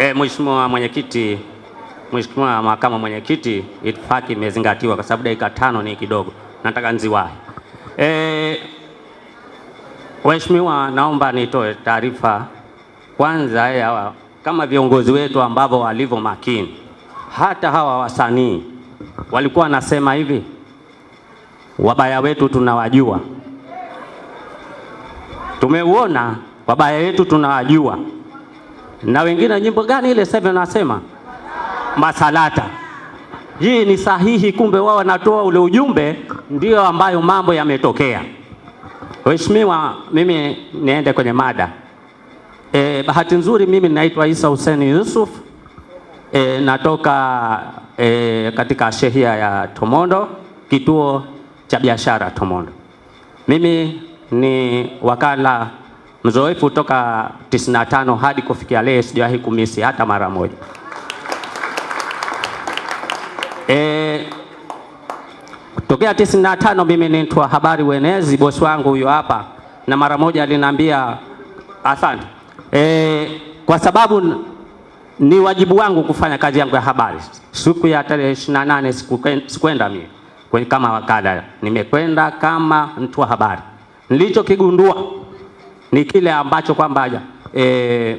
E, Mheshimiwa mwenyekiti, Mheshimiwa makamu mwenyekiti, itifaki imezingatiwa kwa sababu dakika tano ni kidogo, nataka nziwahi. E, Mheshimiwa, naomba nitoe taarifa kwanza ya kama viongozi wetu ambavyo walivyo makini. Hata hawa wasanii walikuwa wanasema hivi, wabaya wetu tunawajua, tumeuona wabaya wetu tunawajua na wengine nyimbo gani ile seven nasema masalata. Hii ni sahihi, kumbe wao wanatoa ule ujumbe, ndio ambayo mambo yametokea. Waheshimiwa, mimi niende kwenye mada. E, bahati nzuri mimi naitwa Isa Hussein Yusuf. E, natoka e, katika shehia ya Tomondo, kituo cha biashara Tomondo. Mimi ni wakala Mzoefu toka 95 hadi kufikia leo sijawahi kumisi hata mara moja. E, tokea 95 mimi nitwa habari wenezi, bosi wangu huyo hapa, na mara moja aliniambia asante. E, kwa sababu ni wajibu wangu kufanya kazi yangu ya habari. Siku ya tarehe 28 sikuenda mimi kama wakala, nimekwenda kama mtu wa habari. Nilichokigundua ni kile ambacho kwamba e,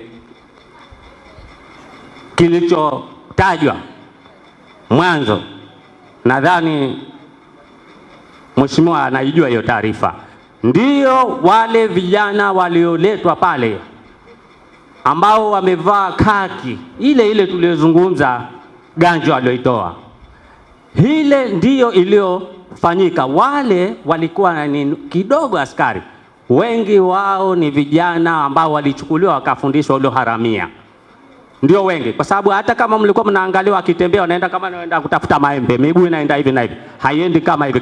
kilichotajwa mwanzo. Nadhani mheshimiwa anaijua hiyo taarifa, ndio wale vijana walioletwa pale ambao wamevaa kaki ile ile tuliyozungumza ganjo alioitoa hile ndiyo iliyofanyika. Wale walikuwa ni kidogo askari wengi wao ni vijana ambao walichukuliwa wakafundishwa ule haramia, ndio wengi, kwa sababu hata kama mlikuwa mnaangalia akitembea, anaenda kama anaenda kutafuta maembe, miguu inaenda hivi na hivi, haiendi kama hivi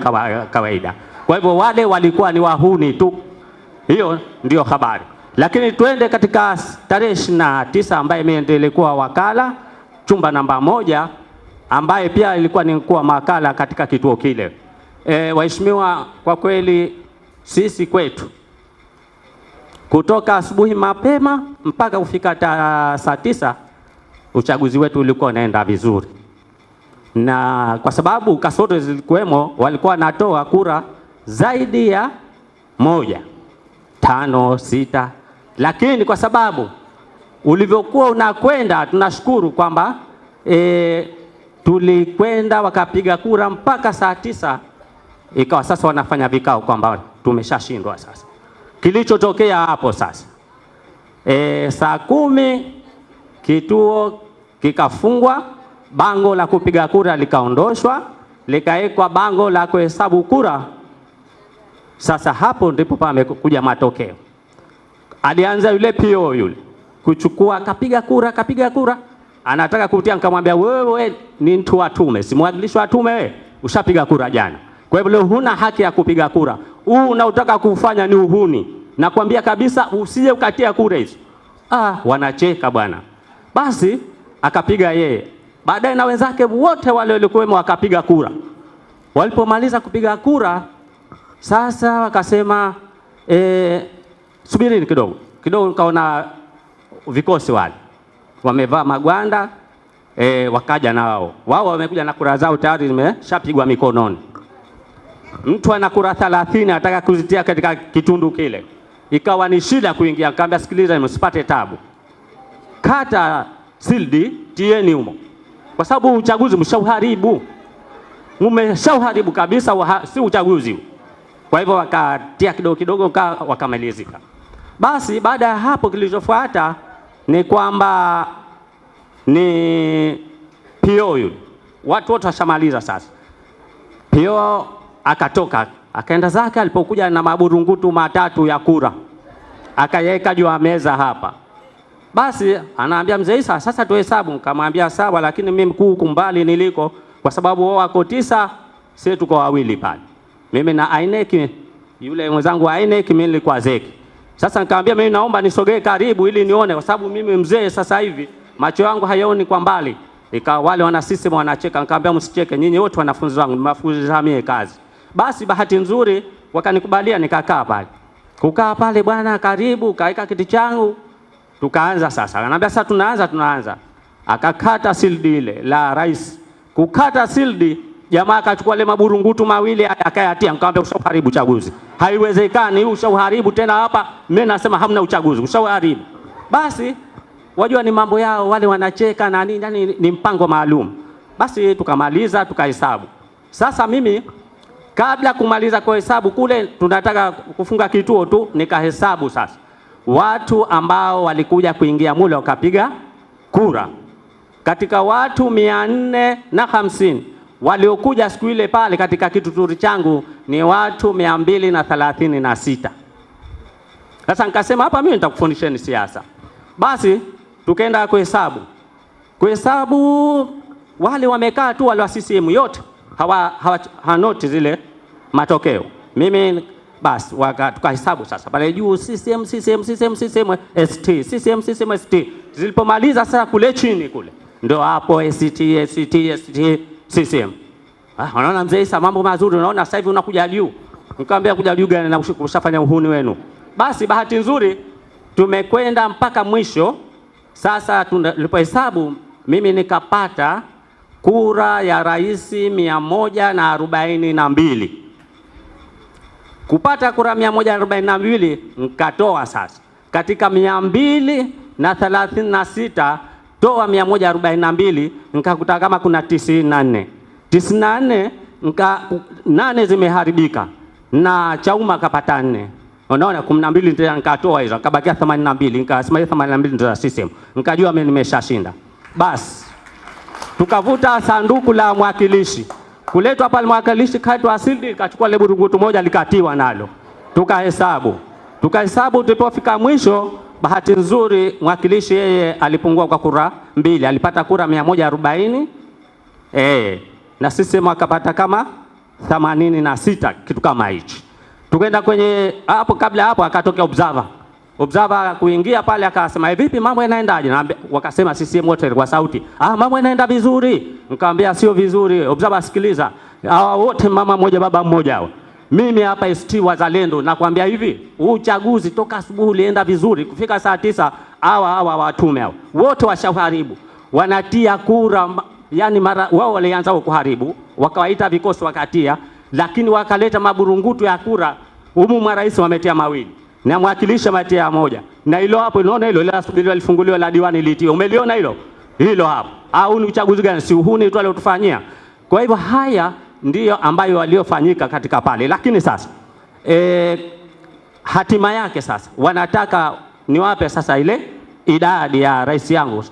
kawaida. Kwa hivyo wale walikuwa ni wahuni tu, hiyo ndio habari. Lakini twende katika tarehe ishirini na tisa ambaye mimi ndiye nilikuwa wakala chumba namba moja, ambaye pia ilikuwa ni mkuu wa makala katika kituo kile. E, waheshimiwa, kwa kweli sisi kwetu kutoka asubuhi mapema mpaka kufika saa tisa, uchaguzi wetu ulikuwa unaenda vizuri, na kwa sababu kasoro zilikuwemo, walikuwa wanatoa kura zaidi ya moja, tano, sita, lakini kwa sababu ulivyokuwa unakwenda, tunashukuru kwamba e, tulikwenda wakapiga kura mpaka saa tisa, ikawa sasa wanafanya vikao kwamba tumeshashindwa sasa Kilichotokea hapo sasa e, saa kumi kituo kikafungwa, bango la kupiga kura likaondoshwa, likawekwa bango la kuhesabu kura. Sasa hapo ndipo pamekuja matokeo. Alianza yule pio yule kuchukua, kapiga kura, kapiga kura, anataka kutia, nikamwambia wewe, ni mtu wa tume, simwakilishi wa tume, wewe ushapiga kura jana. Kwa hivyo huna haki ya kupiga kura. Huu unaotaka kufanya ni uhuni, nakwambia kabisa, usije ukatia kura hizo. Ah, wanacheka bwana. Basi akapiga yeye, baadaye na wenzake wote wale waliokuwemo wakapiga kura. Walipomaliza kupiga kura, sasa wakasema e, subirini kidogo kidogo. Nikaona vikosi wale wamevaa magwanda e, wakaja nao wao wao wamekuja na kura zao tayari zimeshapigwa mikononi mtu ana kura 30 ataka kuzitia katika kitundu kile, ikawa ni shida kuingia. Nikamwambia sikiliza, msipate tabu, kata sildi tieni humo, kwa sababu uchaguzi mshauharibu, mmeshauharibu kabisa, waha, si uchaguzi. Kwa hivyo wakatia kidogo kidogo wakamalizika. Basi baada ya hapo kilichofuata ni kwamba ni pio yule, watu wote washamaliza sasa pio akatoka akaenda zake. Alipokuja na maburungutu matatu ya kura akayaweka juu ya meza hapa, basi anaambia mzee Isa, sasa tuhesabu. Nikamwambia sawa, lakini mimi mkuu kumbali niliko, kwa sababu wao wako tisa, sisi tuko wawili pale, mimi na Aineki, yule mwenzangu Aineki, mimi nilikuwa Zeki. Sasa nikamwambia mimi naomba nisogee karibu ili nione, kwa sababu mimi mzee sasa hivi macho yangu hayaoni kwa mbali. Ikawa wale wana sisi wanacheka, nikamwambia msicheke, nyinyi wote wanafunzi wangu, mwafunzamie kazi. Basi bahati nzuri wakanikubalia nikakaa pale. Kukaa pale bwana, karibu kaeka kiti changu, tukaanza sasa. Ananiambia sasa tunaanza, tunaanza. Akakata sildi ile la rais. Kukata sildi, jamaa akachukua ile maburungutu mawili akayatia, nikamwambia usaharibu chaguzi. Haiwezekani, usaharibu tena hapa. Mimi nasema hamna uchaguzi, usaharibu. Basi wajua ni mambo yao wale wanacheka na nini, yani ni mpango maalum. Basi tukamaliza tukahesabu. Sasa mimi Kabla kumaliza kuhesabu kule, tunataka kufunga kituo tu, nikahesabu sasa watu ambao walikuja kuingia mule wakapiga kura. Katika watu mia nne na hamsini waliokuja siku ile pale katika kituturi changu ni watu mia mbili na thalathini na sita. Sasa nikasema hapa mimi nitakufundisheni siasa. Basi tukaenda kuhesabu, kuhesabu wale wamekaa tu wale wa CCM yote hawa, hawa hanoti zile matokeo mimi basi tukahesabu sasa pale juu CCM CCM CCM CCM ST CCM CCM ST. Zilipomaliza sasa kule chini kule ndio hapo ACT ACT ACT CCM. Ah, unaona mzee Isa, mambo mazuri. Unaona sasa hivi unakuja juu nikamwambia kuja juu gani na kushafanya uhuni wenu. Basi bahati nzuri tumekwenda mpaka mwisho. Sasa tulipohesabu mimi nikapata kura ya rais mia moja na arobaini na mbili kupata kura 142 nkatoa sasa katika mia mbili na thelathini na sita toa 142 nkakuta kama kuna 94 94 nka nane zimeharibika na chauma kapata nne unaona mbili ndio nikatoa hizo kabakia 82 nikasema 82 ndio system nikajua mimi nimeshashinda basi tukavuta sanduku la mwakilishi kuletwa pale mwakilishi kati asili, kachukua lebu rungutu moja likatiwa nalo, tukahesabu tukahesabu, tulipofika mwisho, bahati nzuri mwakilishi yeye alipungua kwa kura mbili, alipata kura 140 eh, na sisi mwakapata kama 86 kitu kama hichi. Tukaenda kwenye hapo, kabla hapo akatokea observer observer kuingia pale akasema, eh, vipi mambo yanaendaje? Na wakasema CCM wote kwa sauti, ah, mambo yanaenda vizuri. Nikamwambia sio vizuri. Observer, sikiliza, hawa wote mama mmoja baba mmoja hao. Mimi hapa ST Wazalendo nakwambia hivi, huu uchaguzi toka asubuhi ulienda vizuri, kufika saa tisa hawa hawa watume hao wote washaharibu, wanatia kura yani mara wao walianza kuharibu, wakawaita vikosi wakatia, lakini wakaleta maburungutu ya kura humu, marais wametia mawili na mwakilisha matia moja, na hilo hapo, unaona hilo la subiri alifunguliwa la diwani litiwe, umeliona hilo hilo hapo? Au ni uchaguzi gani? Si uhuni tu aliotufanyia. Kwa hivyo haya ndiyo ambayo waliofanyika katika pale, lakini sasa e, hatima yake sasa wanataka niwape sasa ile idadi ya rais yangu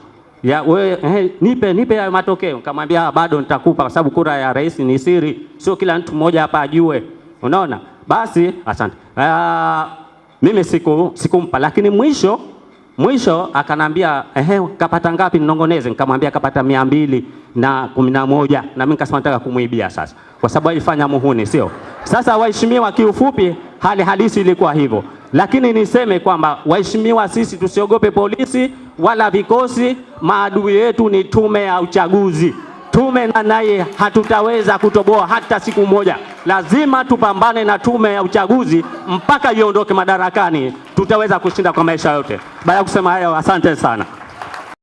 ya we, he, nipe nipe ya matokeo. Nikamwambia ah, bado nitakupa, kwa sababu kura ya rais ni siri, sio kila mtu mmoja hapa ajue. Unaona, basi asante. uh, mimi siku sikumpa, lakini mwisho mwisho akanambia ehe, kapata ngapi ninongoneze? Nikamwambia kapata mia mbili na kumi na moja na mimi nikasema nataka kumuibia sasa, kwa sababu alifanya muhuni, sio? Sasa waheshimiwa, kiufupi hali halisi ilikuwa hivyo, lakini niseme kwamba waheshimiwa, sisi tusiogope polisi wala vikosi. Maadui yetu ni tume ya uchaguzi tume na naye hatutaweza kutoboa hata siku moja. Lazima tupambane na tume ya uchaguzi mpaka iondoke madarakani. Tutaweza kushinda kwa maisha yote. Baada ya kusema hayo, asante sana.